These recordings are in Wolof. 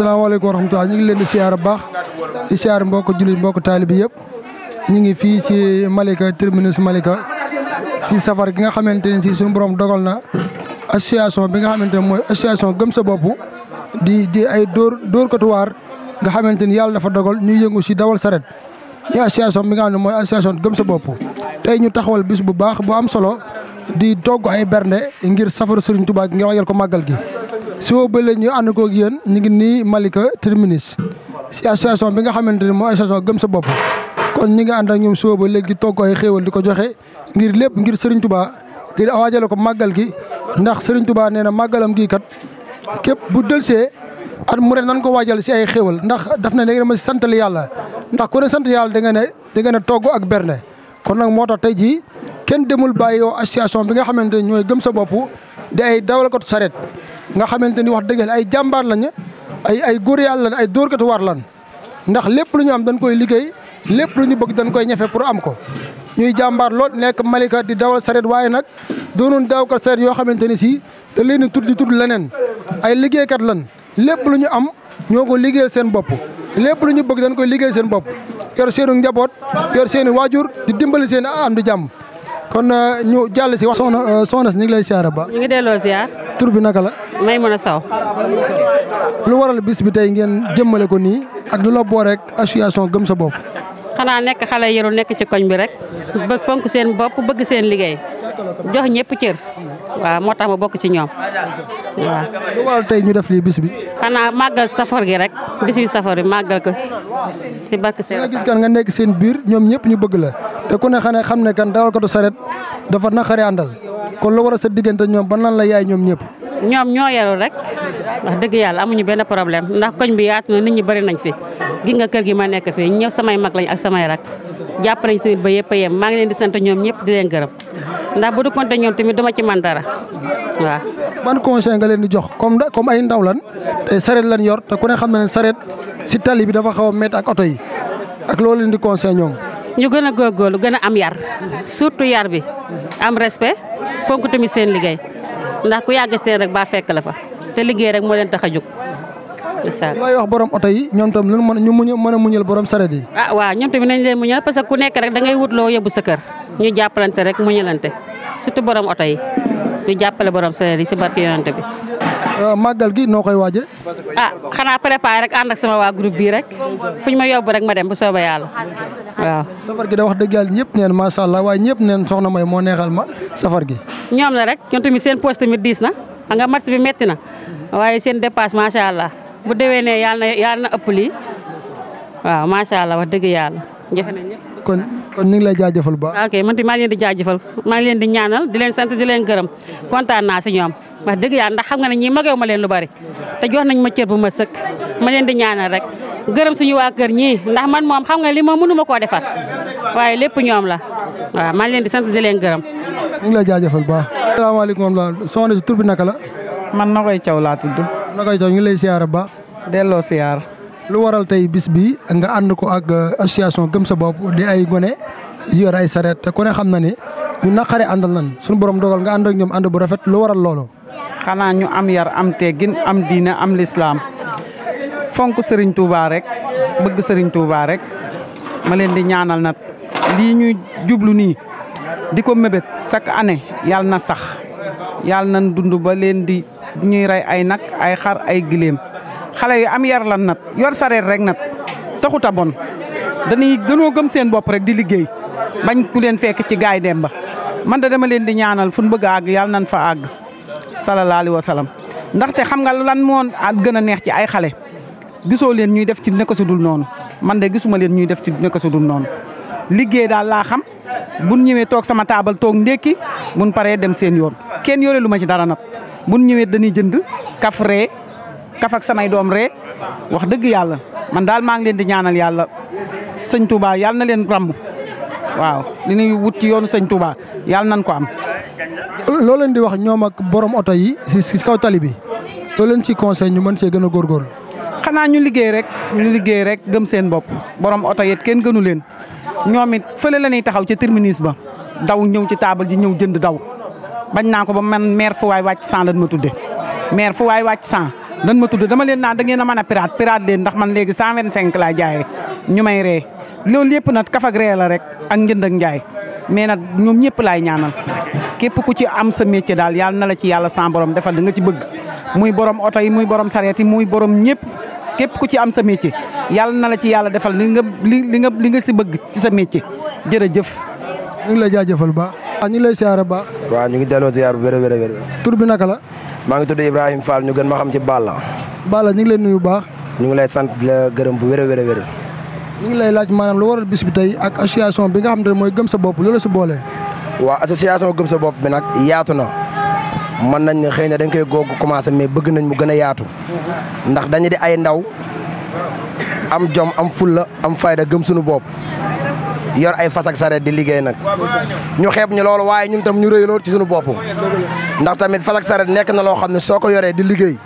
Assalamualaikum wa wabarakatuh. ñi ngi leen di siyaar bu baax di siyaar mbokk jullit mbokk taalibi yëpp ñi ngi fi ci Malika terminus Malika ci safar gi nga xamanteni ci suñu borom dogal na association bi nga xamanteni moy association gëm sa bop di di ay door ko tuwar nga xamanteni yalla dafa dogal ñu yëngu ci dawal saret ya association bi nga xamanteni moy association gëm sa bop tay ñu taxawal bis bu baax bu am solo di togg ay bernde ngir safar Serigne Touba ngir wayal ko magal gi suba ba léegi ñu ànd koog yéen ñu ngi nii Malika terminus si association bi nga xamante ne mooy association gëm sa bopp kon ñu ngi ànd ak ñoom suba ba léegi togg xéewal di ko joxe ngir lépp ngir Serigne Touba ngir waajale ko màggal gi ndax Serigne Touba nee na màggalam gii kat képp bu dëlsee at mu ren nan ko waajal si ay xéewal ndax daf na da ma si santal ndax ku ne sant yàlla da ngeen ne da ngeen ne ak berne kon nag moo tax tey jii kenn demul bàyyi yow association bi nga xamante ne ñooy gëm sa bopp di ay dawalkatu saret nga xamante ni wax dëgg ay jàmbaar lañ ay ay góor yàlla ay dóorkatu war lan ndax lépp lu ñu am dañ koy liggéey lépp lu ñu bëgg dañ koy ñefe pour am ko. ñuy jàmbaar lool nekk Malika di dawal sareet waaye nag doonoon dawkat sareet yoo xamante ni sii te leen di tudd di tudd leneen ay liggéeykat lan lépp lu ñu am ñoo ko liggéeyal seen bopp. lépp lu ñu bëgg dañ koy liggéey seen bopp yor seenu njaboot yor seeni waajur di dimbali seen am di jàmm. kon euh, ñu jàll si wax soxna euh, soxna si ñu ngi lay siyaare ba. ñu ngi delloo ziar. tur bi naka la. Maymuna Saw. lu waral bis bi tey ngeen jëmmale ko nii ak lu la boo rek association gëm sa bopp. xana nek xalé yi ru nek ci koñ bi rek bëgg fonk seen bop bëgg seen liggéey jox ñepp ciir wa moo tax ma bok ci ñom waaw. lu waral tey ñu def li bis bi. xana magal safar gi rek bis 18 safar bi magal ko ci barke seen gis kan nga nek seen biir ñom ñepp ñu bëgg la te ku ne xana xamne kan dawal ko do saret dafa naqari àndal kon lu war a sa digënté ñom ban lan la yaay ñom ñepp ñom ñoo yaru rek wax deug yalla amuñu benn problème ndax koñ bi yaatu na nit ñi bari nañ fi gi nga kër gi ma nekk fi ñew samay mag lañ ak samay rak japp nañ tamit ba yépp a ma ngi leen di sant ñom ñepp di leen gërëm ndax bu du konté ñom tamit duma ci man dara wa ban conseil nga leen di jox comme comme ay ndaw lan té sareet lan yor té ku ne xam na ne ci tali bi dafa xawa met ak auto yi ak lo leen di conseil ñom ñu gëna gogol gëna am yar surtout yar bi am respect fonk tamit seen liggéey ndax ku yàgg si rek ba fekk la fa te liggéey rek mo leen taxaju a jóg wax borom auto yi ñom tam lan ñu mën mën a muñal borom saret ah wa ñom tam nañ leen muñal parce que ku nekk rek da ngay wut lo yebbu sa kër ñu jappalante rek muñalante surtout borom auto yi ñu jappalé borom saret ci si yonante bi Euh, màggal gi noo koy waaje ah xanaa préparé rek ànd ak sama waa groupe bii rek fu ñu ma yobbu rek ma dem bu soobee yàlla waaw. safar gi da wax dëgg yàlla ñëpp neen macha allah waaye ñëpp neen soxna May moo neexal ma safar gi. ñoom la rek ñoom tamit seen poste tamit diis na xam nga match bi metti na waaye seen dépasse macha allah bu déwénee yàlla yàlla na ëpp lii waaw macha allah wax dëgg yàlla kon kon ñu ngi lay jaajëfal bu baax. ok man leen di jaajëfal maa ngi leen di ñaanal di leen sant di leen gërëm kontaan naa si ñoom wax dëgg yàlla ndax xam nga ne ñii magew ma leen lu bari te jox nañ ma cër bu ma sëkk ma leen di ñaanal rek gërëm suñu waa kër ñii ndax man moom xam nga li moom mënu ma koo defar waaye lépp ñoom la waaw ma leen di sant di leen gërëm. ñu ngi lay jaajëfal bu baax. asalaamaaleykum la soxna si tur bi naka la. man Nogoy Thiaw laa tudd. Nogoy Thiaw ñu ngi lay siyaar bu baax. lu waral tey bis bi nga ànd ko ak euh, association gëm sa bopp di ay gone yor ay sareet te ku xam na ne ñu naqare àndal nan suñu borom dogal nga ànd ñoom ànd bu rafet lu waral loolu. xanaa ñu am yar am teggin am diina am lislaam fonk Serigne Touba rek bëgg Serigne baa rek ma leen di ñaanal nag lii ñuy jublu nii di ko mébét chaque année yàlla na sax yàlla nañ dund ba leen di ñuy rey ay nag ay xar ay gileem. xale yi am yar lan nat yor sareet rek nat taxut a bon dañuy gënoo gëm seen bopp rek di liggéey bañ ku leen fekk ci gaay dem ba man da dama leen di ñaanal fu bëgg a àgg yàlla nañ fa àgg salallaahu alayhi wa salaam ndaxte xam nga lan moo gën a neex ci ay xale gisoo leen ñuy def ci nekk su noonu man de gisuma leen ñuy def ci nekk su noonu liggéey daal laa xam bu ñëwee toog sama taabal toog ndékki buñ paree dem seen yoon kenn yore lu ma ci dara nag kaf ak samay doom ree wax dëgg yàlla man daal maa ngi leen di ñaanal yàlla sëñ Touba yàlla na leen ràmm waaw li ñuy wut ci yoonu sëñ Touba yàlla nañ ko am. loo leen di wax ñoom ak borom oto yi si kaw tali bi loo leen ci conseil ñu mën see gën a góorgóorlu. xanaa ñu liggéey rek ñu liggéey rek gëm seen bopp borom oto yi kenn gënu leen ñoom it fële la ñuy taxaw ci terminus ba daw ñëw ci taabal ji ñëw jënd daw bañ naa ko ba man maire fu waay wàcc 100 lañ ma tudde dan ma tudd dama leen naan da ngeen a mën a piraat piraat leen ndax man léegi cent vingt cinq laa jaayee ñu may ree loolu lépp nag kafak ree la rek ak njënd ak njaay mais nag ñoom ñëpp laay ñaanal képp ku ci am sa métier daal yàlla na la ci yàlla sans borom defal li nga ci bëgg muy borom oto yi muy borom sareet yi muy borom ñëpp képp ku ci am sa métier yàlla na la ci yàlla defal li nga li nga li nga si bëgg ci sa métier jërëjëf ñu ngi lay jaajëfal ba ñu ngi lay siyaare ba waaw ñu ngi delloo siyaar bu wér wér wér bi naka la maa ngi tudd ibrahim Fall ñu gën ma xam ci baala Balla ñu ngi lay nuyu baax ñu ngi lay sant gërëm bu wér wér wér ñu ngi lay laaj maanaam lu waral bis bi tey ak association bi nga xam ne mooy gëm sa bopp loolu la si boole waa association gëm sa bopp bi nag yaatu na mën nañ xëy na dañ koy goog commencé mais bëgg nañ mu gën a yaatu ndax dañu di ay ndaw am jom am fulla am fayda gëm suñu bopp yor ay fasag ak sareet di liggéey nag ñu xeeb ñu loolu waaye ñu tam ñu rëy lool ci suñu bopp ndax tamit fas ak sareet nekk na loo xam ne soo ko yoree di liggéey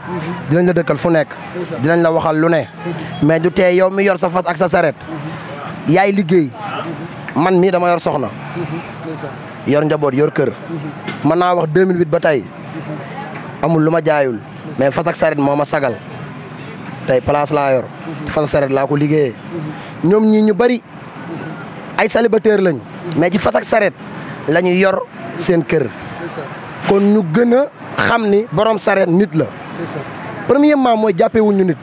dinañ la dëkkal fu nekk dinañ la waxal lu ne mais du tee yow mi yor sa fas ak sa sareet yaay liggéey man mii dama yor soxna yor njaboot yor kër mën naa wax 2008 ba tey amul lu ma jaayul mais fas ak sareet moo ma sagal tey place laa yor fas ak sareet laa ko liggéeyee ñoom ñii ñu bari ay célibataire lañ mais ci fas ak saret la ñuy yor seen kër kon ñu gën a xam ni borom saret nit la premièrement mooy jàppee wuñu nit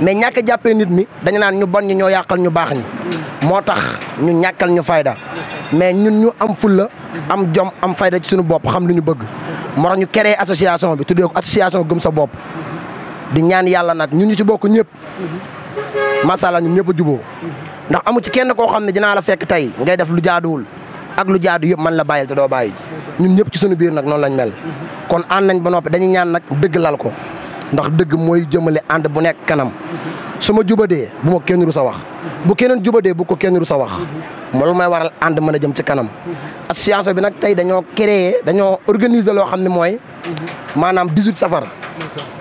mais ñàkk jàppee nit mi dañu naan ñu bon ñi ñoo yàqal ñu baax ñi moo tax ñu ñàkkal ñu fayda mais ñun ñu am la am jom am fayda ci suñu bopp xam li ñu bëgg moo ñu créé association bi tuddee ko association gëm sa bopp di ñaan yàlla nag ñun ñu ci bokk ñëpp masala ñom ñepp a ndax amu ci kenn ko xamne dina la fekk tay ngay def lu jaadul ak lu jaadu yeb man la bàyyil te do bàyyi ñun ñepp ci suñu biir nak non lañ mel kon ànd nañ ba noppi dañuy ñaan nak deug lal ko ndax deug moy jëmele and bu nek kanam suma ma de bu ko kenn ru sa wax bu keneen de bu ko kenn ru sa wax loolu may waral and mën jëm ci kanam association bi nak tay daño créer daño organiser lo xamne moy manam 18 safar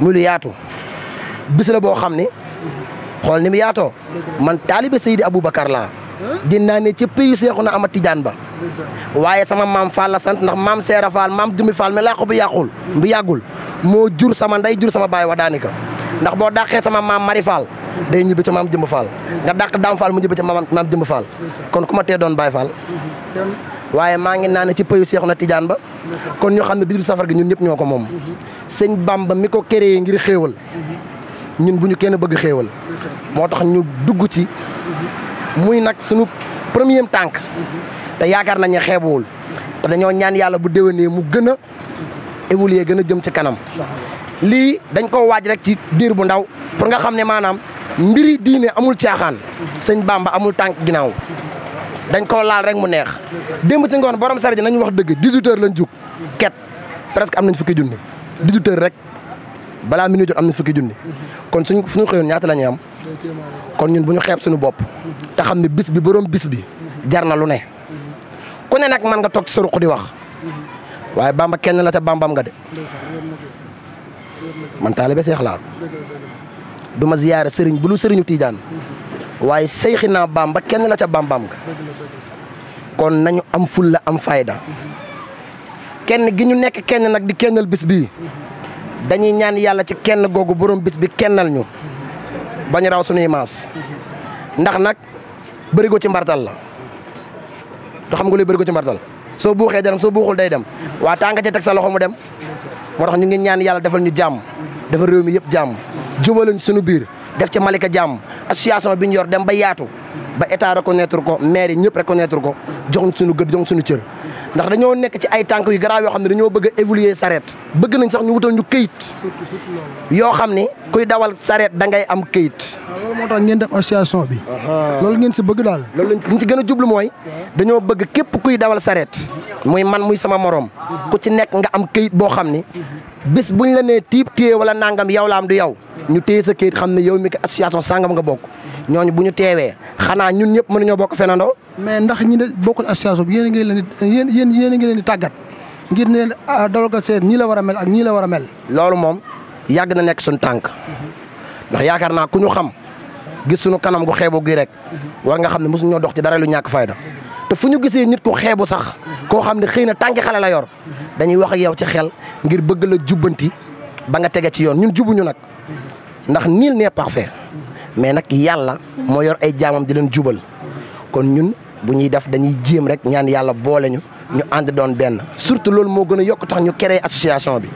muy lu yaatu bisla bo xamne xool ni mu yaatoo man taalibe Seydi Aboubacar laa dinaa ne ci pays seexu na ama tijaan ba waaye sama maam Fall la sant ndax maam Seera Fall maam Dimi faal mi laa bu yàqul bu yàggul moo jur sama nday jur sama baay wa daanika ndax boo dàqee sama maam Mari Fall day ñibbi ca maam Jëmb Fall nga dàq Daam Fall mu ñibbi ca maam Jëmb Fall kon ku ma tee doon Baay Fall waaye maa ngi naan ci payu seexu na tijaan ba kon ñu xam ne bis bi safar gi ñun ñëpp ñoo ko moom sëñ Bamba mi ko créé ngir xéewal ñun bu ñu kenn bëgg xéewal moo tax ñu dugg ci muy nag suñu premier tànk te yaakaar nañ ne xeebuwul te dañoo ñaan yàlla bu déwénee mu gën a évoluer gën a jëm ci kanam lii dañ koo waaj rek ci diir bu ndaw pour nga xam ne maanaam mbiri diine amul caaxaan sëñ Bamba amul tànk ginnaaw dañ koo laal rek mu neex dem ci ngoon borom sare ji nañ wax dëgg 18 heures lañ jug ket presque am nañ fukki junni 18 rek balaa mi ñu am na fukki junni kon suñ suñu xëyoon ñaata la am kon ñun bu ñu xeeb suñu bopp te xam ne bis bi borom bis bi jar na lu ne ku ne nag man nga toog ci di wax waaye bamba kenn la ca bambam nga de man ma ziyaare sëriñ bu sëriñu tiijaan waaye seyxi bamba kenn la ca bambam nga kon nañu am ful la am fayda kenn gi ñu nekk kenn nag di kennal bis bii dañuy ñaan yàlla ci kenn googu borom bis bi kennal ñu bañ raw suñuy maas ndax nag bërigo ci mbartal la te xam nga luy bërigo ci mbartal soo buuxee dem soo buuxul day dem waa taa nga ci teg sa loxo mu dem moo tax ñu ngi ñaan yàlla defal ñu jàmm defal réew mi yëpp jàmm jubaluñ sunu biir def ci Malika jàmm association bi ñu yor dem ba yaatu ba état reconnaître ko maire yi ñëpp reconnaître ko jox suñu gëdd jox suñu cër ndax dañoo nekk ci ay tànk yu garaaw yoo xam ne dañoo bëgg a évoluer sareet bëgg nañ sax ñu wutal ñu këyit yoo xam ni kuy dawal sareet da ngay am këyit. Ah, loolu moo tax ngeen def association bi. loolu ngeen si bëgg daal. loolu lañ ci gën a jublu mooy dañoo bëgg képp kuy dawal sareet muy man muy sama morom ku ci nekk nga am këyit boo xam ne bis ñu la nee tiib téye wala nangam yow la am du yow ñu téye sa këyit xam ne yow mi ko sangam nga bokk. ñooñu bu ñu teewee xanaa ñun ñëpp mën nañoo bokk fenandoo mais ndax ñi ne bokk association bi yéen a ngi leen yéen yéen yéen a ngi leen di tàggat ngir ne ah, daloga ñii la war a mel ak ñii la war a mel loolu moom yàgg na nekk suñ tànk ndax yaakaar naa ku ñu xam gis suñu kanam gu xeebu gi rek war nga xam ne mosu ñoo dox ci dara lu ñàkk fayda te fu ñu gisee nit ku xeebu sax koo xam ne xëy na tànki xale la yor dañuy wax ak yow ci xel ngir bëgg la jubbanti ba nga tege ci yoon ñun jubuñu nag ndax nil n'est parfait mais yalla yalla mo yor ay di len jubal kon ñun bu ñuy def dañuy jëm rek ñaan yalla boole ñu ñu and doon ben surtout lool mo gëna yok tax ñu créer association bi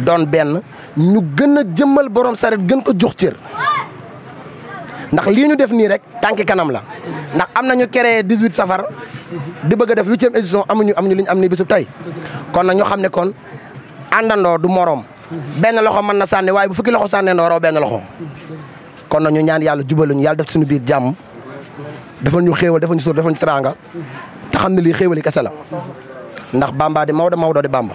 doon ben ñu gëna jëmmal borom saret gën ko jox ciir ndax li ñu def ni rek tanki kanam la ndax amna ñu créer 18 safar di bëgg def def e édition amuñu amuñu li ñu am ni bisub tay kon na ñu xam kon andando du morom ben loxo man na sànni way bu fukki loxo sànnee ndoro ben loxo kon nañu ñu ñaan yàlla jubaluñu yalla def suñu biir jamm defal ñu xéewal defal ñu suur defal ñu teranga te xam li lii xéewali kese la ndax bamba di mawda mawdo di bamba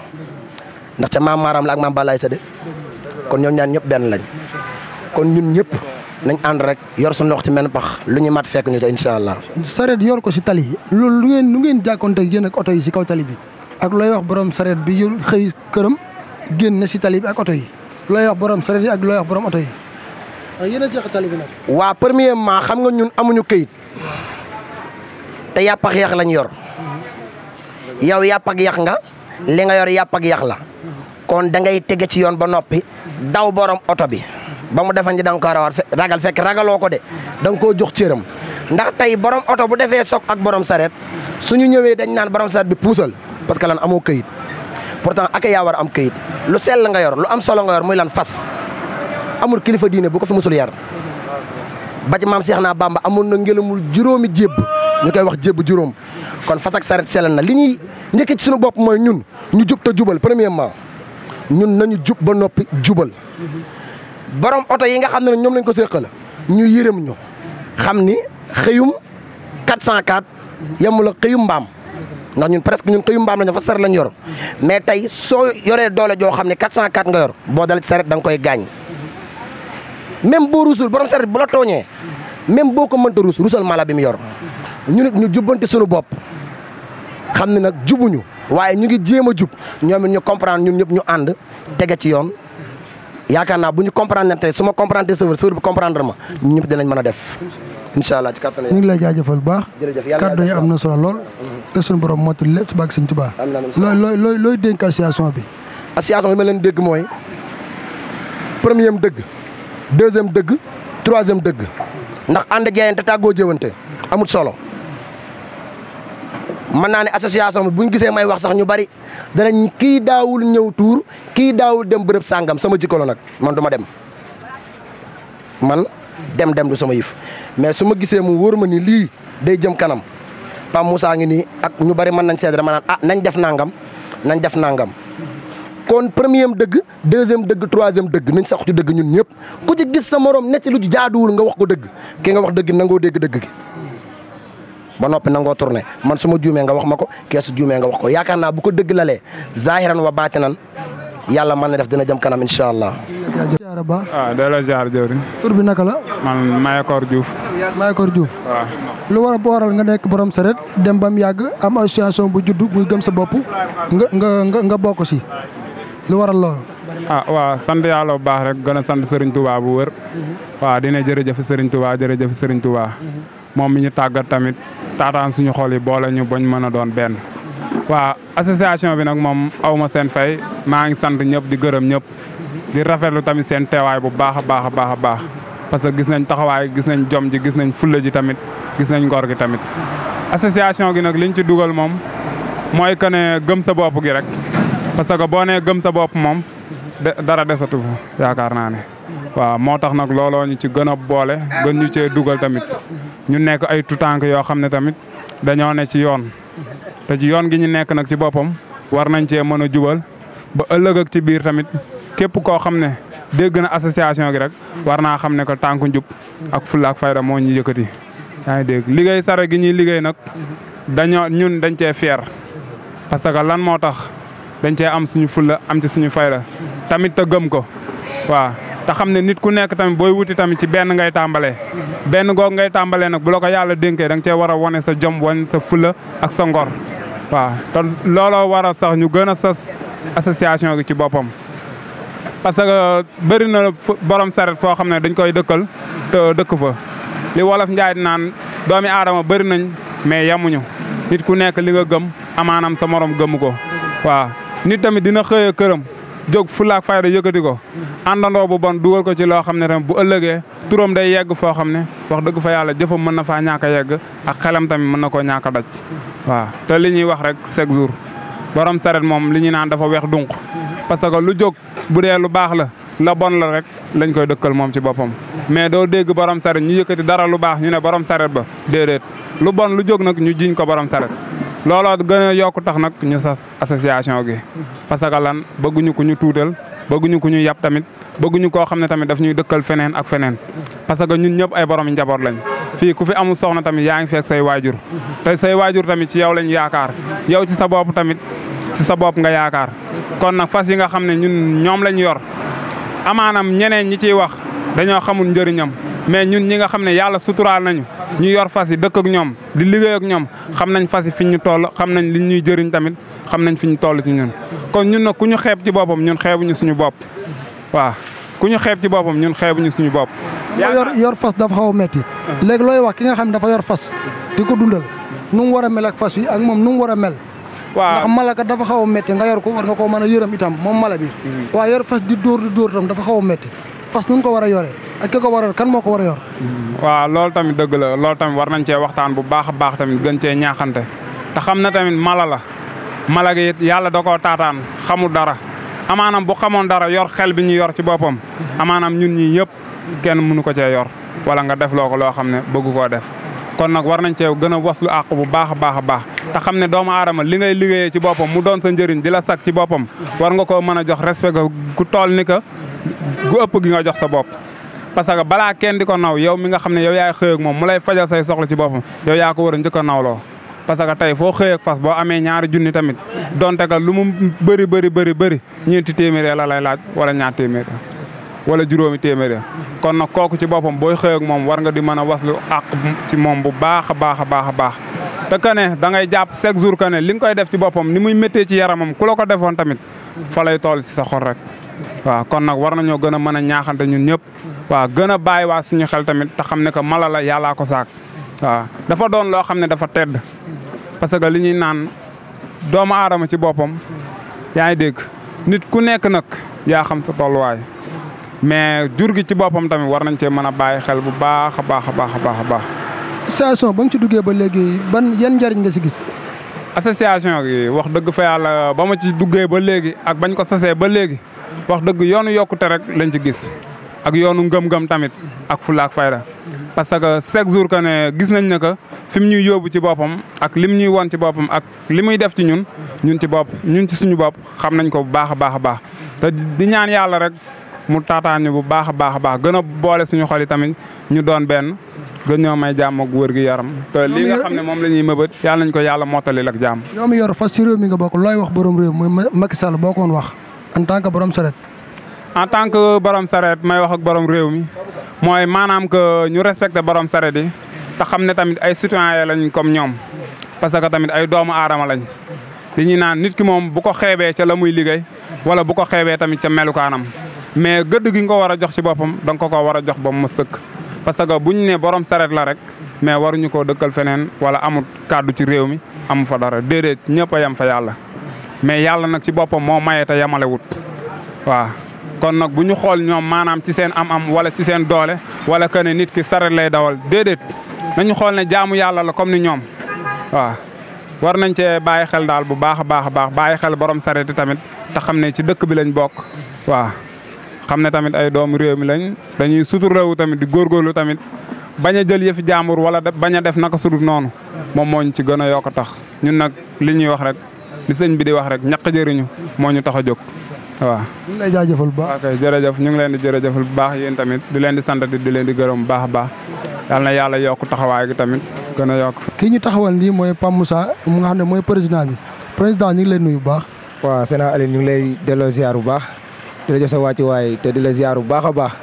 ndax ca mam maram la ak mam balay sa de kon ñoom ñaan ñep ben lañ kon ñun ñep nañ and rek yor suñu loxo ci mel pax lu ñu mat fekk ñu te inshallah allah. sareet yor ko ci tali yi lu ngeen lu ngeen jakonté yéen ak auto yi ci kaw tali bi ak loy wax borom sareet bi yor xëy këram génn ci tali bi ak auto yi loy wax borom sareet yi ak loy wax borom auto yi. Ah, premier ma xam nga ñun amuñu keuyit te yàpp ak yak lañ yor yow yàpp ak yak nga li nga yor yàpp ak yak la kon da ngay tege ci yoon ba nopi daw borom auto bi ba mu defan ji ragal fek ragaloo ko de dang ko jox ciiram ndax tay borom auto bu defé sok ak borom sareet suñu ñëwé dañ nan borom saret bi poussal parce que lan amo keuyit pourtant ak ya war am keuyit lu sel nga yor lu am solo nga yor muy lan fas amul kilifa diine bu ko fi musul yar ba ci mam Seex Bamba amul na ngeelumul juróomi jébb ñu koy wax jébb juróom kon fatak saret selen na li ñuy njëkk ci suñu bop moy ñun ñu jub ta jubal premièrement ñun nañu jub ba nopi jubal borom auto yi nga xamne ñom lañ ko sekkal ñu yërem ñu xamni xeyum 404 yamul xeyum bam ndax ñun presque ñun xeyum bam lañu fa sar lañ yor mais tay so yoré doole jo xam 404 nga yor bo dal ci saret dang koy gaañ même boo ruusul borom saret bu la tooñee même boo ko mënta ruus ruusal mala bi mu yor ñu nit ñu jubbante suñu bopp xam ne nag jubuñu waaye ñu ngi jéem a jub ñoom it ñu comprendre ñun ñëpp ñu ànd tege ci yoon yaakaar naa bu ñu comprendre ne tey su ma comprendre sëwër sëwër bi comprendre ma ñun ñëpp dinañ mën a def incha allah ci kattan ñu ngi lay jaajëfal bu baax kaddu yi am na solo lool te suñu borom motul lépp si baag sëñ Tuubaa looy looy looy looy dénk association bi association bi ma leen dégg mooy premier dëgg deuxième deug troisième deug ndax ànd ta go jëwante amut solo man na ni association bi bu gisee may wax sax ñu bari danañ ki dawul ñew tour ki dawul dem bërepp sangam sama lo nak man duma dem man dem dem du sama yif mais suma ma gisee mu woor ma ni li day jëm kanam Pape Moussa ngi ni ak ñu bari man nañ sédra man ah nañ def nangam nañ def nangam kon premier deug deuxième deug troisième deug nañ sax ci deug ñun ñep ku ci gis sa morom nekk ci lu jaaduwul nga wax ko deug ki nga wax dëgg nangoo deug deug gi. ba noppi nangoo tourner man suma jume nga wax mako ko jume nga wax ko yaakaar bu ko zahiran wa batinan yalla man def dina jëm kanam inshallah ah jaara ba jaar jori tour tur bi naka la. man accord Diouf. accord Diouf. lu wara boral nga nek borom saret dem bam yag am association bu judd bu gëm sa bop nga nga nga bokk si. lu waral loolu. ah waaw sant yàlla bu baax rek gën a sant Serigne Touba bu wër. waaw dina jërëjëf Serigne Touba jërëjëf Serigne Touba. moom mi ñu tàggat tamit taataan suñu xol yi boole ñu bañ mën a doon benn. waa association bi nag moom aw ma seen fay maa ngi sant ñëpp di gërëm ñëpp. di rafetlu tamit seen teewaay bu baax a baax a baax a baax. parce que gis nañ taxawaay gis nañ jom ji gis nañ fulla ji tamit gis nañ ngor gi tamit. association gi nag liñ ci dugal moom mooy que ne gëm sa bopp gi rek. parce que boo nee gëm sa bopp moom dara desatu fa yaakaar naa ne waaw moo tax nag looloo ñu ci gën a boole gën ñu cee dugal tamit ñu nekk ay tànk yoo xam ne tamit dañoo ne ci yoon te ci yoon gi ñu nekk nag ci boppam war nañ cee mën a jubal ba ëllëg ak ci biir tamit képp koo xam ne dégg na association gi rek war naa xam ne que tànk njub ak fulla ak fayda moo ñu yëkkati. yaa ngi dégg liggéey sare gi ñuy liggéey nag dañoo ñun dañ cee fier parce que lan moo tax. dañ cee am suñu fulla am ci suñu fay fayda tamit te gëm ko waaw te xam ne nit ku nekk tamit booy wuti tamit ci benn ngay tàmbalee benn googu ngay tàmbalee nag bu ko yàlla dénkee da nga cee war a wane sa jom wane sa fulla ak sa ngor waaw te looloo war a sax ñu gën a sas association gi ci boppam parce que bëri na borom saret foo xam ne dañ koy dëkkal te dëkk fa li wolof njaay naan doomi aadama bëri nañ mais yamuñu nit ku nekk li nga gëm amaanam sa morom gëmu ko nit tamit dina xëyee këram jóg fulaak fayda yëkkati ko àndandoo bu bon dugal ko ci loo xam ne tamit bu ëllëgee turam day yegg foo xam ne wax dëgg fa yàlla jëfam mën na faa ñaaka yegg ak xelam tamit mën na koo ñaaka daj waaw te li ñuy wax rek sek jour borom saret moom li ñuy naan dafa weex dunq parce que lu jóg bu dee lu baax la la bon la rek lañ koy dëkkal moom ci boppam mais doo dégg borom saret ñu yëkkati dara lu baax ñu ne borom saret ba déedéet lu bon lu jóg nag ñu jiñ ko borom saret looloo gën a yokk tax nag ñu sas association gi parce que lan bëgguñu ku ñu tuutal bëgguñu ku ñu yàpp tamit bëgguñu koo xam ne tamit daf ñuy dëkkal feneen ak feneen parce que ñun ñëpp ay borom njaboot lañ fii ku fi amul soxna tamit yaa ngi fekk say waajur te say waajur tamit ci yow lañ yaakaar yow ci sa bopp tamit ci sa bopp nga yaakaar kon nag fas yi nga xam ne ñun ñoom lañ yor amaanam ñeneen ñi ciy wax dañoo xamul njëriñam mais ñun ñi nga xam ne yàlla suturaal nañu ñu yor fas yi dëkk ak ñoom di liggéey ak ñoom xam nañ fas yi fiñ ñu toll xam nañ li ñuy jëriñ tamit xam nañ fi ñu toll ci ñun. kon ñun nag ku ñu xeeb ci boppam ñun xeebuñu suñu bopp waaw ku ñu xeeb ci boppam ñun xeebuñu suñu bopp. yor yor fas dafa xaw a métti. léegi looy wax ki nga xam ne dafa yor fas di ko dundal nu mu war a mel ak fas yi ak moom nu mu war a mel. waaw ndax malaka dafa xaw a nga yor ko war nga koo mën a yërëm itam moom mala bi. Mm-hmm. waaw yor fas di dóor di itam dafa xaw a métti fas nun ko war a yoree ak ki ko war a yor kan moo ko war a yor. waaw loolu tamit dëgg la loolu tamit war nañ cee waxtaan bu baax a baax tamit gën cee ñaaxante te xam na tamit mala la mala gi yàlla da koo taataan xamul dara amaanaam bu xamoon dara yor xel bi ñu yor ci boppam amaanaam ñun ñii ñëpp kenn mënu ko cee yor wala nga def loo ko loo xam ne bëgg koo def. kon nag war nañ cee gën a waslu àq bu baax a baax a baax te xam ne doomu aadama li ngay liggéeyee ci boppam mu doon sa njëriñ di la sakk ci boppam gu ëpp gi nga jox sa bopp parce que balaa kenn di ko naw yow mi nga xam ne yow yaay xëy moom mu lay fajal say soxla ci boppam yow yaa ko war a njëkk a nawloo parce que tey foo xëy ak fas boo amee ñaari junni tamit donte ka lu mu bëri bëri bëri bëri ñeenti téeméer la lay laaj wala ñaar téeméer wala juróomi téeméer kon na kooku ci boppam booy xëy moom war nga di mën a waslu àq ci moom bu baax a baax a baax a baax te que ne da ngay jàpp chaque jour que ne li nga koy def ci boppam ni muy méttee ci yaramam ku la ko defoon tamit fa tool si sa xol rek waaw kon nag war nañoo gën a mën a ñaaxante ñun ñëpp waa gën a bàyyi waa suñu xel tamit te xam ne que mala la yàllaa ko saak waaw dafa doon loo xam ne dafa tedd parce que li ñuy naan doomu aadama ci boppam yaa ngi dégg nit ku nekk nag yaa xam sa tolluwaay mais jur gi ci boppam tamit war nañ cee mën a bàyyi xel bu baax a baax a baax a baax a baax. station ba ci duggee ba léegi ban yan njariñ nga si gis. association bi wax dëgg fa yàlla ba ma ci duggee ba léegi ak bañ ko sosee ba léegi wax dëgg yoonu yokkute rek lañ ci gis ak yoonu ngëm-ngëm tamit ak fulaak fayda parce que chaque jours que ne gis nañ ne que fi mu ñuy yóbbu ci boppam ak lim ñuy won ci boppam ak li muy def ci ñun ñun ci bopp ñun ci suñu bopp xam nañ ko bu baax a baax a baax te di ñaan yàlla rek. mu taataan bu baax a baax a baax gën a boole suñu xol yi tamit ñu doon benn gën ñoo may jàmm ak wër gi yaram. te li nga xam ne moom la ñuy mëbët. yàlla nañ ko yàlla mottalil ak jàmm. yow mi yor fas si réew mi nga bokk looy wax borom réew mooy Macky Sall boo ko woon wax en tant que borom sareet. en tant que borom sareet may wax ak borom réew mi mooy maanaam que ñu respecté borom sareet yi te xam ne tamit ay citoyen lañ comme ñoom parce que tamit ay doomu aadama lañ. li ñuy naan nit ki moom bu ko xeebee ca la muy liggéey wala bu ko xeebee tamit ca melukaanam mais gëdd gi nga ko war a jox ci boppam da ko war a jox ba mu sëkk parce que bu ñu nee borom sareet la rek mais waruñu koo dëkkal feneen wala amul kàddu ci réew mi amu fa dara déedéet ñëpp a yem fa yàlla mais yàlla nag ci boppam moo maye te wut waaw kon nag bu ñu xool ñoom maanaam ci seen am-am wala ci seen doole wala que ne nit ki sareet lay dawal déedéet nañu xool ne jaamu yàlla la comme ni ñoom waa war nañ cee bàyyi xel daal bu baax a baax a baax bàyyi xel borom sareet yi tamit te xam ne ci dëkk bi lañ bokk waaw. xamne tamit ay doomu rew mi lañ dañuy rew tamit di gorgolu tamit baña jël yef jaamur wala baña def naka sudut non mom moñ ci gëna yok tax ñun nak li ñuy wax rek li señ bi di wax rek ñak jëriñu moñu taxa tax wa ñu lay jaajëfal ba ak ok ñu ngi leen di jërëjëfal baax yeen tamit di leen di sant di leen di gërëm baax baax yal na yàlla yokk gi tamit gëna yok ki ñu taxawal nii moy pam Moussa mu nga xamne moy bi président ñu ngi nuyu baax. wa sénat ali ñu ngi lay ziaru baax di la jox sa wàcci waaye te di la ziar bu baax a baax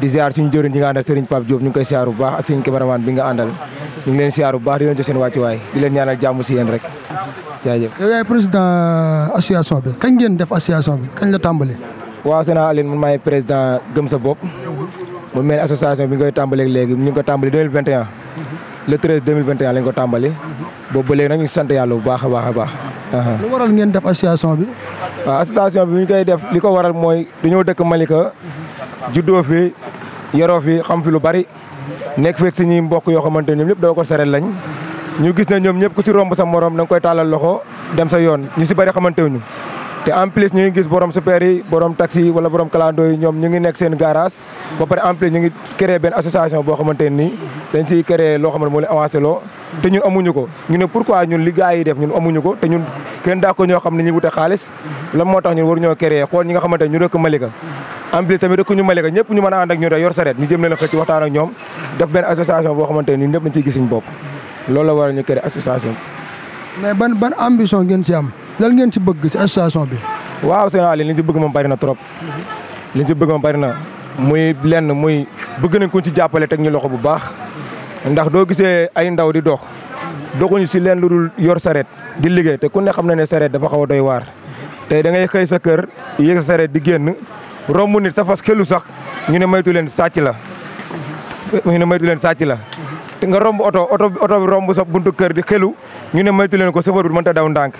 di ziar suñu jëriñ ñi nga àndal Serigne Pape Diop ñu ngi koy ziar bu baax ak suñu cameraman bi nga àndal ñu ngi leen ziar bu baax di leen jox seen wàcci waay di leen ñaanal jàmm si yéen rek jaajëf. yow yaay président euh, association bi kañ ngeen def association bi kañ la tàmbali waaw sëñ Aline man maay président gëm sa bopp mu mel association bi ñu koy tàmbalee léegi ñu ngi ko tàmbalee 2021 le 13 2021 lañ ko tàmbalee boo ba léegi nag ñu sant yàlla baax a baax a baax. lu waral ngeen def association bi. waaw association bi ñu koy def li ko waral mooy dañoo dëkk Malika juddoo fi yaroo fi xam fi lu bari nekk feeg si ñi mbokk yoo xamante ne ñoom ñëpp doo ko sarel lañ ñu gis ne ñoom ñëpp ku ci romb sa moroom da nga koy tàllal loxo dem sa yoon ñu si bari xamante wuñu té en plus ñu ngi gis borom super yi borom taxi wala borom kalando yi ñom ñu ngi nekk seen garage ba paré en plus ñu ngi créer ben association bo xamanteni dañ ci créer lo xamanteni mo lay avancer lo té ñun amuñu ko ñu né pourquoi ñun li gaay yi def ñun amuñu ko té ñun kenn da ko ño xamni ñi wuté xaaliss la mo tax ñun waru ñoo créer xol ñi nga xamanteni ñu rek Malika en plus tamit rek ñu Malika ñepp ñu mëna and ak ñu rek yor saret ñu jëm leen a xëcc waxtaan ak ñom def ben association bo xamanteni ñepp dañ ci gis suñu bop loolu la waral ñu créer association mais ban ban ambition gën ci am lan ngeen ci bëgg ci association bi waaw seen ali liñ ci bëgg moom bari na trop liñ ci bëgg moom bari na muy lenn muy bëgg nañ ko ci jàppale teg ñu loxo bu baax ndax doo gisee ay ndaw di dox doxuñu si lenn lu dul yor saret di liggéey te ku ne xam na ne saret dafa xaw a doy waar tey da ngay xëy sa kër yéeg sa saret di génn romb nit sa fas xelu sax ñu ne maytu leen sàcc la ñu ne maytu leen sàcc la nga romb oto oto oto bi romb sa buntu kër di xelu ñu ne maytu leen ko safar bi mënta daw ndànk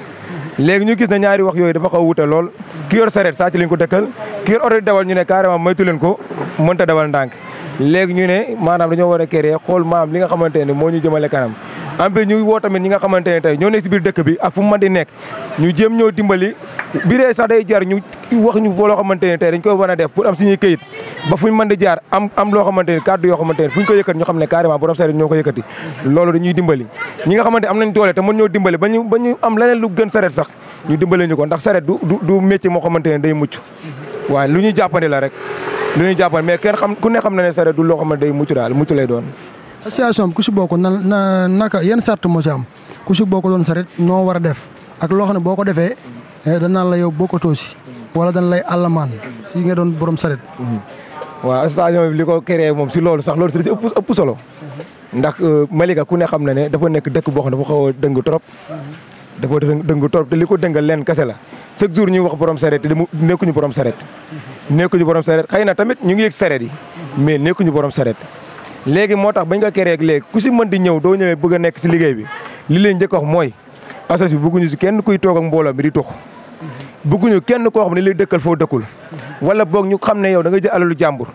léegi ñu gis na ñaari wax yooyu dafa xaw wute lool ki yor sareet saa ci ko dëkkal ki yor oto dawal ñu ne carrément moytu leen ko mënta dawal ndànk léegi ñu ne maanaam dañoo war a créer xool maam li nga xamante ne moo ñu jëmale kanam am plus ñu woo tamit ñi nga xamante ne tey ñoo nekk si biir dëkk bi ak fu mu mën di nekk ñu jéem ñoo dimbali biree sax day jar ñu wax ñu loo xamante ne tey dañ war a def pour am suñuy këyit ba fuñ mën di jaar am am loo xamante ne kàddu yoo xamante ne fuñ ko yëkkati ñu xam ne carrément borom sareet ñoo ko yëkkati loolu dañuy dimbali ñi nga xamante am nañ doole te mën ñoo dimbali ba ñu am leneen lu gën sareet sax ñu dimbali ñu ko ndax sareet du du métier moo xamante ne day mucc waaye lu ñu jàppandi la rek lu ñuy jàppandi mais kenn xam ku ne xam na ne sareet du loo xamante day mucc daal mucc lay doon association bi ku si bokk na na naka yan sart moo si am ku si ko doon saret noo war a def ak loo xam ne boo ko defee eh, danaan la yow bokkatoo si wala dañ lay àllamaan si nga doon borom saret mm-hmm. waaw association bi li ko créé moom si loolu sax loolu si ëpp ëpp solo mm-hmm. ndax euh, Malika ku ne xam na ne dafa nekk dëkk boo xam ne dafa xaw a dëng trop mm-hmm. dafa dëng trop te li ko dëngal leen kese la chaque jour ñuy wax borom saret te nekkuñu borom saret nekkuñu borom saret xëy na tamit ñu ngi yëg saret yi mais nekkuñu borom saret léegi moo tax bañ ko créé léegi ku si mën di ñëw doo ñëwee bëgg a nekk si liggéey bi li leen njëkk wax mooy asos bi bëgguñu si kenn kuy toog ak mbooloo mi di tux ñu kenn koo xam ne lay dëkkal foo dëkkul wala boog ñu xam ne yow da nga jël alalu jàmbur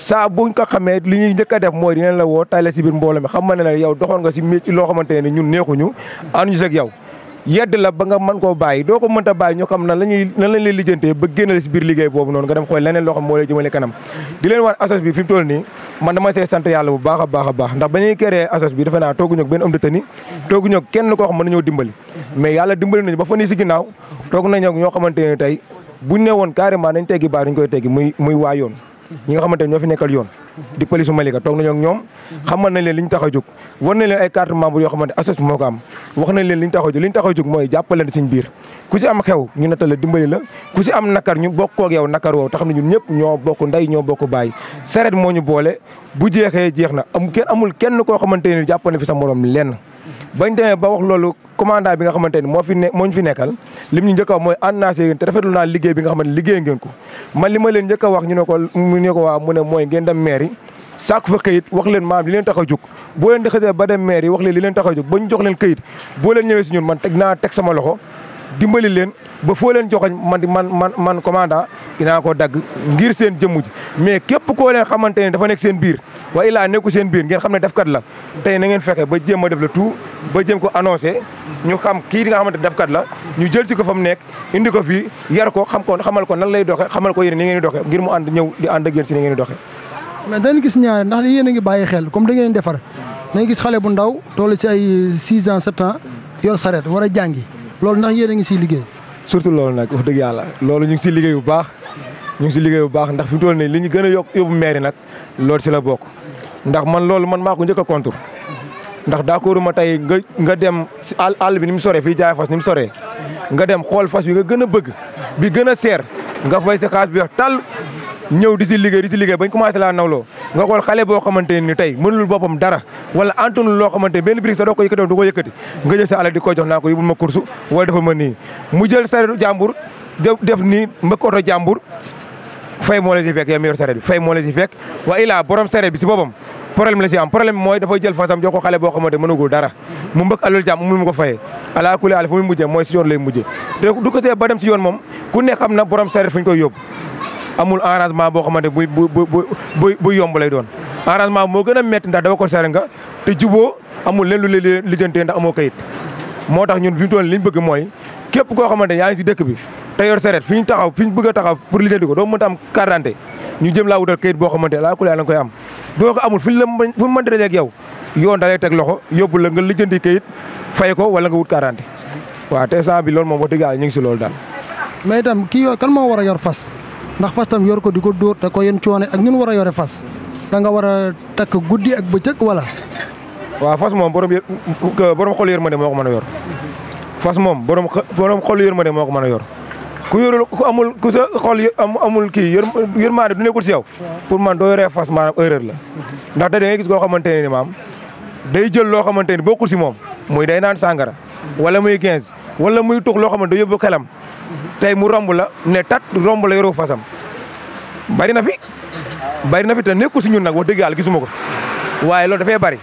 saa buñ ko xamee li ñuy njëkk a def mooy dinañ la woo tale si biir mbooloo xam ma ne la yow doxoon nga si mi loo xamante ne ñun neexuñu ànduñu seg yow yedd la ba nga mën koo bàyyi doo ko mën a bàyyi ñoo xam nan lañuy nan lañ lay lijjantee ba génnale si bi fi mu toll nii man dama see sant yàlla bu baax a baax a baax ndax ba ñuy créé asos bi defe naa tooguñu ak benn homme de tenue tooguñu ak kenn koo xam mën nañoo dimbali mais yàlla dimbali nañu ba fa nii si ginnaaw toog nañu ñoo xamante ne tey buñ ne woon carrément nañ teggi baar ñu koy teggi muy muy waa ñi nga xamante ne ñoo fi nekkal yoon di polisu Malika toog nañoo ak ñoom xamal nañ leen li ñu tax a jóg war na leen ay carte membre yoo xamante association moo ko wax nañ leen li ñu tax a jóg li ñu tax a jóg mooy jàppalante suñ biir ku si am xew ñu nettal la dimbali la ku si am nakar ñu bokkoo ak yow nakar woow tax na ñu ñëpp ñoo bokk ndey ñoo bokk bàyyi saret moo ñu boole bu jeexee jeex na am amul kenn koo xamante ne jàpp na fi sa moroom lenn bañ demee ba wax loolu commandant bi nga xamante ni moo fi ne moo ñu fi nekkal lim ñu njëkk a mooy ànd naa see te naa liggéey bi nga xamante ni liggéey ngeen ko man li ma leen njëkk wax ñu ne ko ñu ne ko waa mu mooy ngeen dem maire yi sàkku fa kayit wax leen maam li leen tax a jóg boo leen di xasee ba dem maire yi wax leen li leen tax a jóg ba ñu jox leen kayit boo leen ñëwee si ñun man teg naa teg sama loxo dimbali leen ba foo leen joxoñ man man man man commandant dinaa ko dagg ngir seen jëmm ji mais képp koo leen xamante ne dafa nekk seen biir wa illaa nekku seen biir ngeen xam ne defkat la tey na ngeen fexe ba jéem a def la tout ba jëm ko annoncé ñu xam kii di nga xamante ne defkat la ñu jël si ko fa mu nekk indi ko fii yar ko xam ko xamal ko nan lay doxe xamal ko yéen ni ngeen di doxe ngir mu ànd ñëw di ànd ak yéen si ni ngeen di doxe mais dañu gis ñaare ndax yéen a ngi bàyyi xel comme da ngeen defar nañ gis xale bu ndaw toll ci ay 6 ans 7 ans yor saret war a jàngi loolu nax yéen a ngi siy liggéey. surtout loolu nag wax dëgg yàlla loolu ñu ngi siy liggéey bu baax ñu ngi siy liggéey bu baax ndax fi mu toll li ñu gën a yokk yóbbu meeri nag loolu si la bokk. ndax man loolu man maa ko njëkk a contour ndax d'accord ma tey nga nga dem si àll àll bi ni mu soree fii jaay fas ni mu soree nga dem xool fas bi nga gën a bëgg bi gën a seer nga fay sa xaalis bi yo tal ñëw di si liggéey di si liggéey bañ commencé laa nawloo nga xool xale boo xamante ni tey mënul boppam dara wala antunul loo xamante benn brique sa doo ko yëkkati du ko yëkkati nga jël sa alal di ko jox naa ko yóbbul ma kursu wala dafa ma nii mu jël saretu def nii mbëkk oto jàmbur fay moo la si fekk yow mi yor bi fay moo la si fekk wa ilaa borom saret bi si boppam problème la si am problème mooy dafay jël fasam jox ko xale boo xamante mënagul dara mu mbëkk alal jàmm mu mu ko fayee alaa kulli aal fu muy mooy si lay mujjee ko see ba dem si yoon moom ku ne xam na borom saret fu ñu koy amul arrangement boo xamante bu bu bu bu yomb lay doon arrangement moo gën a métti ndax dafa ko sare nga te juboo amul leen lu leen lijjantee ndax amoo kayit moo tax ñun fi mu toll li ñu bëgg mooy képp koo xamante yaa ngi si dëkk bi te yor saret fi ñu taxaw fi ñu bëgg a taxaw pour lijjanti ko doo mënta am carte ñu jëm laa wutal kayit boo xamante laa ku la nga koy am doo ko amul fu ñu la fu ñu mënti ak yow yoon da lay teg loxo yóbbu la nga lijjanti kayit fay ko wala nga wut carte waaw te instant bi loolu moom wax dëgg yàlla ñu ngi si loolu daal mais itam kii yooyu kan moo war a yor fas ndax fas tam yor ko di ko dóor te ko yéen coone ak ñun war a yore fas danga war a takk guddi ak bëccëg wala. waa fas moom borom yë borom xol yërmande moo ko mën a yor fas moom borom borom xol yërmande moo ko mën a yor ku yorul ku amul ku sa xol amul kii yër yërmande du nekkul si yow. pour man doo yoree fas maanaam erreur la. ndax da ngay gis koo xamante ne maam day jël loo xamante boo bokkul si moom muy day naan sàngara wala muy 15 wala muy tux loo xamante ne day yóbbu xelam tey mu romb la ne tat romb la yoroo fasam bari na fi bari na fi te nekku si ñun nag wax yàlla gisuma ko waaye loolu dafay bari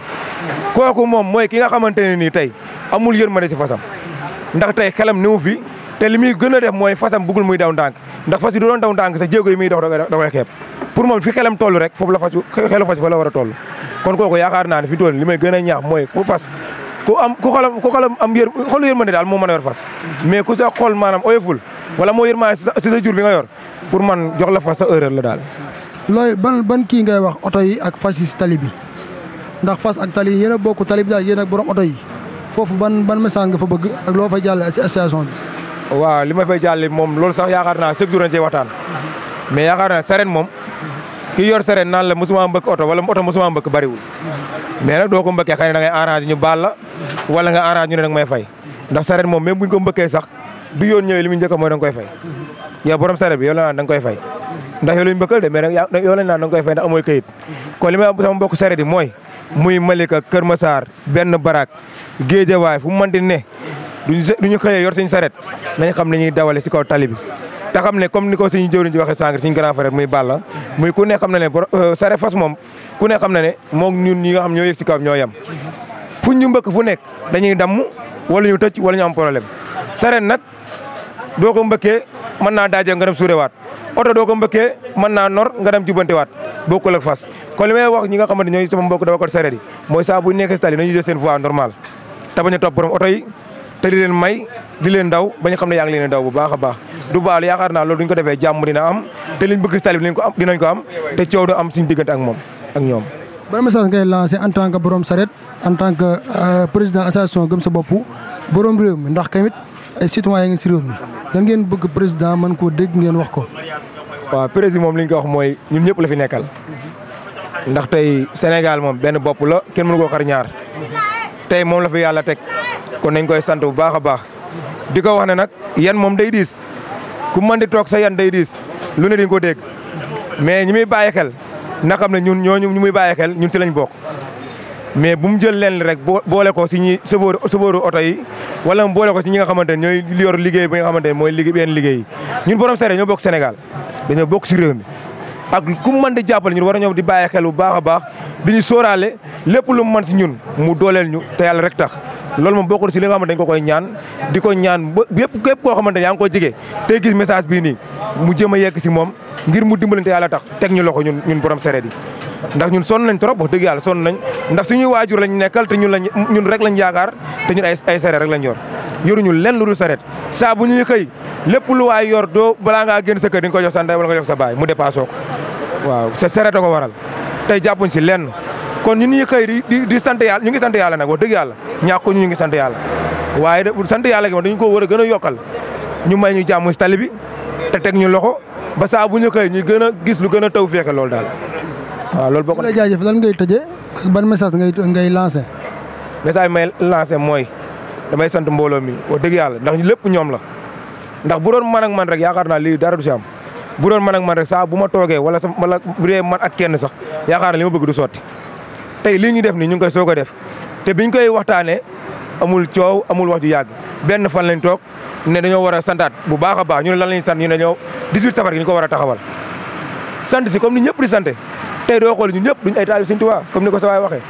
kooku moom mooy ki nga xamante ne nii tey amul yërmande si fasam ndax tey xelam néew fi te li muy gën a def mooy fasam bëggul muy daw ndànk ndax fas yi du doon daw ndànk sa jéego yi muy dox da koy xeeb pour moom fi xelam toll rek foofu la fas xelu fas fa la war a toll kon kooku yaakaar naa fi doon li may gën a ñaax mooy ku fas ku am ku xolam ku xolam am yër xolu yërmande daal moo mën a yor fas mais ku sa xol maanaam oyoful wala moo yërmande si sa jur bi nga yor pour man jox la fas sa erreur la daal looy ban ban kii ngay wax oto yi ak fas yi si tali bi ndax fas ak tali yéen a bokk tali bi daal yéen ak borom oto yi foofu ban ban message nga fa bëgg ak loo fay jàlle si association bi waaw li ma fay jàlle moom loolu sax yaakaar naa chaque jour dañ cee waxtaan mais yaakaar naa sareen moom ki yor sareet naan la mosuma mbëkk oto wala oto mosuma mbëkk bariwul mais nag doo ko mbëkkee xëy na da ngay ñu baal la wala nga arrange ñu ne nag may fay ndax sareet moom même buñ ko mbëkkee sax du yoon ñëwee li mu njëkk mooy da koy fay yow borom sareet bi yow la naan da nga koy fay ndax yow lañ mbëkkal de mais nag yow lañ naan da nga koy fay ndax amooy kayit kon li ma sama mbokk sareet yi mooy muy Malika Kër Massar benn barak Géejawaay fu mu mën di ne duñu xëyee yor suñu sareet nañ xam ne ñuy dawale si kaw tali bi te ne comme ni ko suñu jëwriñ ci waxee sànq suñu grand frère muy Balla muy ku ne xam na ne euh, sare fas moom ku e xam na ne moo ñun ñi nga xam ñoo yëg si ñoo yem fu ñu mbëkk fu nekk dañuy damm wala ñu tëj wala ñu am problème sare nag doo ko mbëkkee mën naa daaje nga dem waat oto doo ko mbëkkee mën naa nor nga dem jubbantewaat bokkul ak fas kon li may wax ñi nga xamante ñooy sama mbokk dawalkatu sareet yi mooy saa bu nekkee si tali nañu jël seen voie normale te bañ a topp borom oto yi leen may di len daw bañ xamne xam ngi daw bu baakha baax du baal yaakaar naa loolu duñ ko defé jamm dina am te liñ bëgg liñ ko am dinañ ko am te ciow do am suñ digënt ak moom ak ñoom. ban message ngay lancé en tant que borom saret en tant que euh, président association gëm sa bop borom rew mi ndax kamit ay citoyen ngeen si réew mi dañ ngeen bëgg président man ko dégg ngeen wax ko. wa président mom liñ ko wax moy ñun ñëpp la fi nekkal ndax tay Sénégal moom benn bop la kenn mënu ko xar ñaar tay mom la fi yalla tek kon nañ koy sant bu baax baax. di ko wax nag yan moom day diis ku mën di toog sa yan day diis lu ne di nga ko dégg mais ñi muy bàyyi xel xam ne ñun ñooñu ñu muy bàyyi ñun si lañ bokk mais bu mu jël lenn rek boole ko si ñi sëbooru sëbooru oto yi wala mu boole ko si ñi nga xamante ne ñooy yor liggéey bi nga xamante ne mooy liggéey benn liggéey ñun borom sare ñoo bokk Sénégal dañoo bokk si réew mi ak ku mu mën di jàppale ñun war a ñoom di bàyyi xel baax a baax di ñu sóoraale lépp lu mu mën si ñun mu dooleel ñu te rek tax loolu moom bokkul si li dañ ko koy ñaan di ko ñaan ba yëpp képp koo xamante ne yaa ngi koy jege tey gis message bii nii mu jëm a yegg si moom ngir mu dimbalante yàlla tax teg ñu loxo ñun ñun borom sareet yi ndax ñun son nañ trop wax dëgg yàlla sonn nañ ndax suñuy waajur lañ nekkal te ñun lañ ñun rek lañ yaakaar te ñun ay ay sareet rek lañ yor yoruñu lenn lu dul sareet saa bu ñuy xëy lépp lu waay yor doo balaa ngaa génn sa kër di ko jox sa ndey wala nga jox sa baay mu dépassé ko waaw sa sareet a ko waral tey jàppuñ si lenn kon ñun ñi xëy di di sante yalla ñu ngi sante yalla nak wax dëgg yàlla ñàkku ñu ngi sant yàlla waaye de sante yalla gi man ko wara gëna yokal ñu may ñu jamm ci talibi te tek ñu loxo ba sa bu ñu xëy ñu gëna gis lu gëna tawfiqe lool fekke wa lool waaw loolu bokk na. jaajëf lan ngay tejje ak ban message ngay ngay lancer message may lancer moy damay sante mbolo mi wax deug yalla ndax lepp ñom la ndax bu doon man ak man rek yaakaar naa lii dara du ci am bu doon man ak man rek sa bu ma toogee wala sa wala bu re man ak kenn sax yaakaar li ma bëgg du soti tey lii ñu def ni ñu ngi koy soog a def te bi ñu koy waxtaanee amul coow amul wax ju yàgg benn fan lañ toog ne dañoo war a santaat bu baax a baax ñu ne lan lañ sant ñu ne ñoo 18 safar gi ñu ko war a taxawal. sant si comme ni ñëpp di sante tey doo xool ñu ñëpp duñ ay taal Sëñ Tuubaa comme ni ko sa waay waxee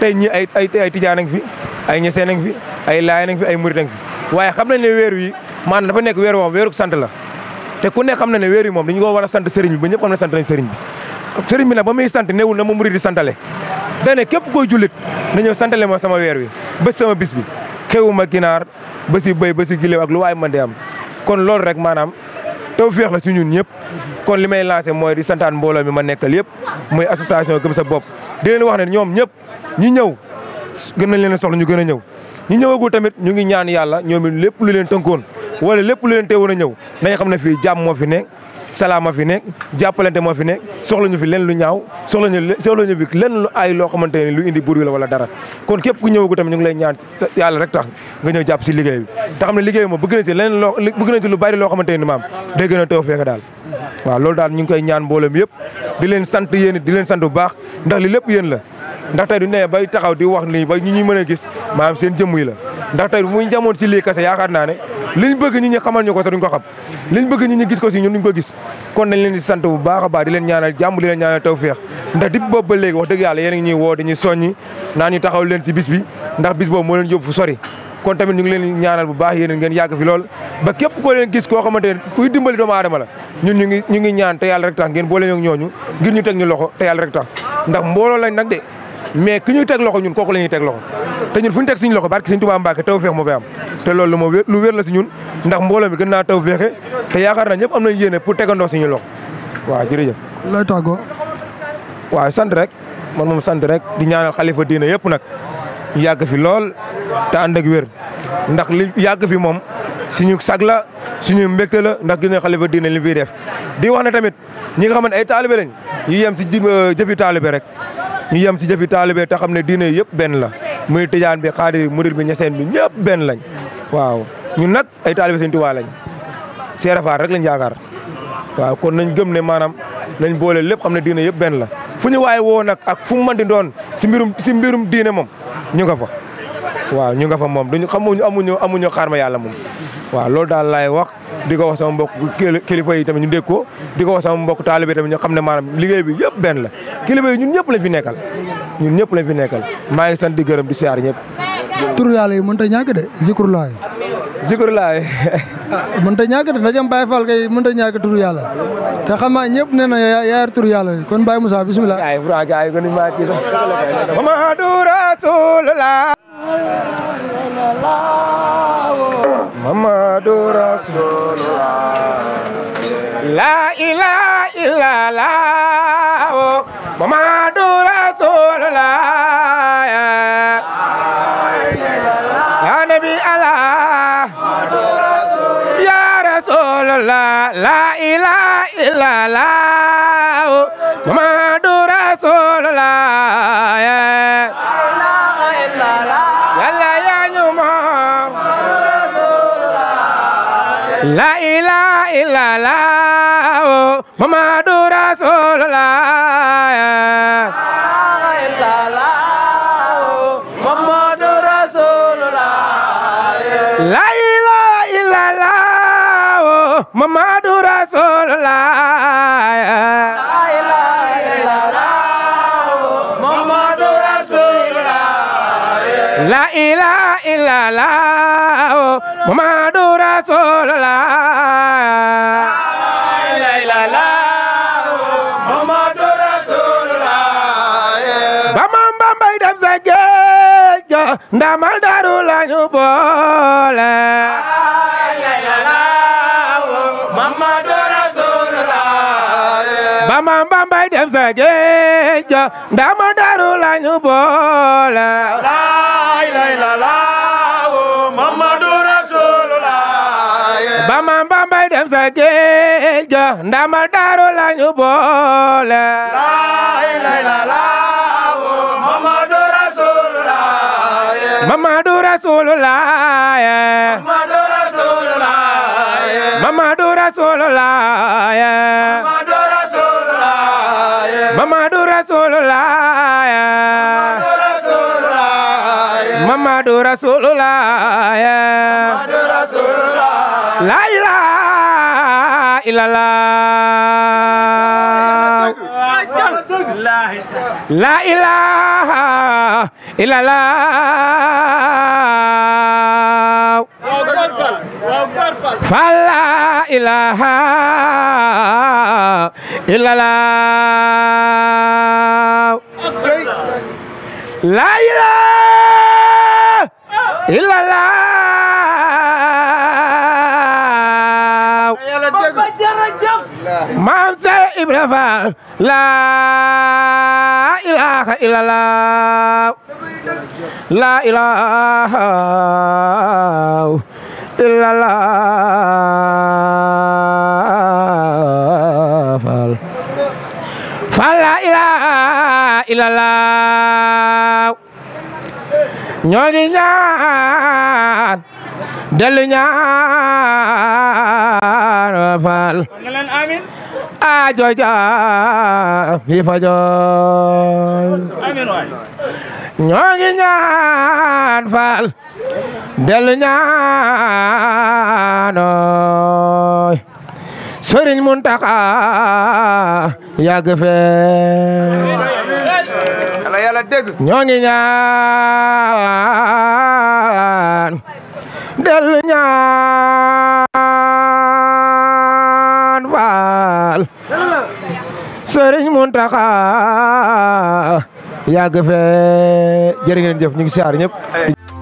tey ñi ay ay ay tijaan a ngi fi ay ñeseen a fi ay laayeen a fi ay murit a fi waaye xam nañ ne weer wi maanaam dafa nekk weer woom weeruk sant la te ku nekk xam na ne weer wi moom dañu ko war sant sëriñ bi ba ñëpp xam sant nañ sëriñ bi sëriñ bi nag ba muy sant newul na ma murid di santale dane képp koy jullit na ñëw santale ma sama weer wi ba sama bis bi xewuma ginaar ba si béy ba si gilew ak lu waay mën di am kon loolu rek maanaam taw féex la ci ñun ñëpp kon li may lancé mooy di santaan mbooloo mi ma nekkal yëpp muy association gëm sa bopp di leen wax ne ñoom ñëpp ñi ñëw gën nañ leen soxla ñu gën a ñëw ñi ñëwagul tamit ñu ngi ñaan yàlla ñoom it lépp lu leen tënkoon wala lépp lu leen teewoon a ñëw nañ xam ne fii jàmm moo fi ne salaama fi ne jàppalante moo fi nekk soxla ñu fi leen lu ñaaw soxla ñu soxla ñu fi leen lu ay loo xamante ne lu indi bur wi la wala dara kon képp ku ñëw ko tamit ñu ngi lay ñaan yàlla rek tax nga ñëw jàpp si liggéey bi te xam ne liggéey moom bëgg na si leneen loo bëgg lu bari loo xamante ne maam day gën a taw feexe daal waaw loolu daal ñu ngi koy ñaan mbooloo mi yëpp di leen sant yéen di leen sant bu baax ndax li lépp yéen la ndax tey du bay taxaw di wax nii ba ñu ñuy mën a gis maanaam seen jëmm la ndax tey bu muy lii kase yaakaar naa ne liñ bëgg ñi ñu xamal ñu ko te duñ ko xam liñ bëgg ñi ñu gis ko si ñun duñ ko gis kon nañ leen di sant bu baax a baax di leen ñaanal jàmm di leen ñaanal tawféex ndax di boobu ba léegi wax dëgg yàlla yéen a ngi ñuy woo soññi naan ñu taxaw leen si bis bi ndax bis boobu moo leen yóbbu fu sori kon tamit ñu ngi leen ñaanal bu baax yéen ngeen yàgg fi lool ba képp koo leen gis koo xamante ne kuy dimbali doomu aadama la ñun ñu ngi ñu ngi ñaan te yàlla rek tax ngeen boole ñoo ñooñu ngir ñu teg ñu rek tax ndax mbooloo lañ nag de mais ki ñuy teg loxo ñun kooku la ñuy teg loxo te ñun fu ñu teg suñu loxo barki Sëñ Tuubaa Mbàkke taw feex moo fi am te loolu lu moo wér lu wér la si ñun ndax mbooloo mi gën naa taw feexe te yaakaar nañ ñëpp am nañ yéene pour tegandoo suñu loxo waa jërëjëf lay tàggoo waaw sant rek man moom sant rek di ñaanal xalifa diine yëpp nag yàgg fi lool te ànd ak wér ndax li yàgg fi moom suñu sag la suñu mbégte la ndax gis xale xalifa diine li mu def di wax ne tamit ñi nga xamante ay taalibe lañ ñu yem si euh, jëfi taalibe rek ñu yem si jëfi taalibe te xam ne diine yëpp benn la muy tijaan bi xaadir murid bi ñeseen bi ñëpp benn lañ waaw ñun nag ay taalibe Sëñ Tuubaa lañ Seera Faal rek lañ yaakaar waaw kon nañ gëm ne maanaam nañ boole lépp xam ne diine yëpp benn la fu ñu waaye woo nag ak fu mu mën di doon si mbirum si mbirum diine moom ñu nga fa waaw ñu nga fa moom a xamuñu amuñu amuñu xaar ma yàlla moom waaw loolu daal laay wax di ko wax sama mbokk kilifa yi tamit ñu dégg ko di ko wax sama mbokk taalibe tamit ñu xam ne maanaam liggéey bi yëpp benn la kilifa yi ñun ñëpp lañ fi nekkal ñun ñëpp lañ fi nekkal maa ngi sant di gërëm di siyaar ñëpp tur yàlla yi mënut a ñàkk de zikrulaay zikrulaay ah, mënut a ñàkk de ndajam Baye Fall kay mënut a ñàkk tur yàlla te xam naa ñëpp nee na yaayar tur yàlla kon Baye Moussa bisimilah ay bra gaay gëni ma ci sax mama du rasulullah محمد رسول الله لا إله إلا الله محمد رسول الله يا نبي الله يا رسول الله لا إله إلا الله محمد رسول الله la la o Muhammadu Rasulullah la la la o Muhammadu Rasulullah la ila ila la o Muhammadu Rasulullah la ila ila la o Muhammadu Rasulullah la ila ila la o Muhammadu Rasulullah ndamal daru lañu boole Mamadu Rasulullah ba Maam Bambay dem sa géej ga ndamal daru lañu boole Mamadu Rasulullah ba Maam Bambay dem sa géej ga ndamal daru lañu boole Muhammadu Rasulullah Muhammadu Rasulullah Muhammadu Rasulullah Muhammadu Rasulullah Muhammadu Rasulullah Muhammadu Rasulullah Muhammadu Rasulullah La ilaha illallah La ilaha ila la fala ilaha ila la la ilaha ila la maam Seex Ibra Faal la ilaha ila la la ilaha illallah fal la ilaha illallah ñoo ngi ñaan dellu fal amin ajo jah fi amin waay ñoo ngi ñaan faal dellu ñaanooy sëriñ Muntaxa yàgg ya fee yàlla yàlla dégg ñoo ngi ñaan dellu ñaan faal sëriñ Muntaxa yàgg fee jërë ngeen jëf ñu ngi siyaar ñëpp